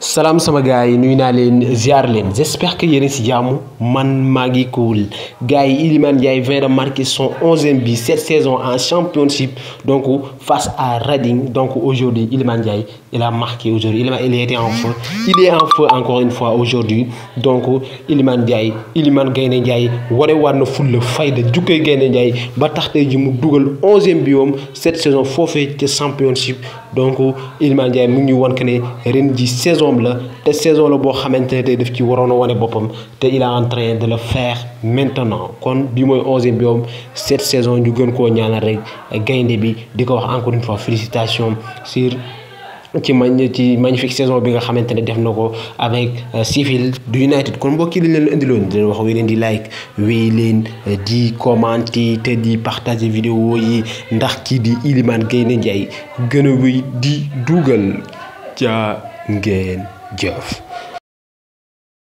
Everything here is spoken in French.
Salam sama gars yi nuyu ziar j'espère que Yenis a man maa Gaï cool gars Iliman vient de marquer son 11 11e but cette saison en championship donc face à Reading donc aujourd'hui Iliman gaï, il a marqué aujourd'hui il était en feu il est en feu encore une fois aujourd'hui donc Iliman Diaye Iliman Gaynde Ndiaye wane waat na le fayda De Gaynde Ndiaye ba Batarte tey ji mu dugal onzième cette saison Forfait de championship donc Iliman Diaye mu ngi ñu saison saison la saison là bo xamantene ne tey ci warono woné bopam té il a en train de le faire maintenant kon bi moy 11e biom cette saison ñu gën ko ñaanal rek gaynde bi diko wax encore une fois félicitations sur ci ci magnifique saison bi nga xamantene def nako avec avec euh, du United kon mbokk yi leen andi indiloon di wax wéy leen di like wéy leen euh, di commenter te di partager vidéo yi ndax ki di Iliman Gaynde Ndiaye gën a di dougal ca gain Jeff.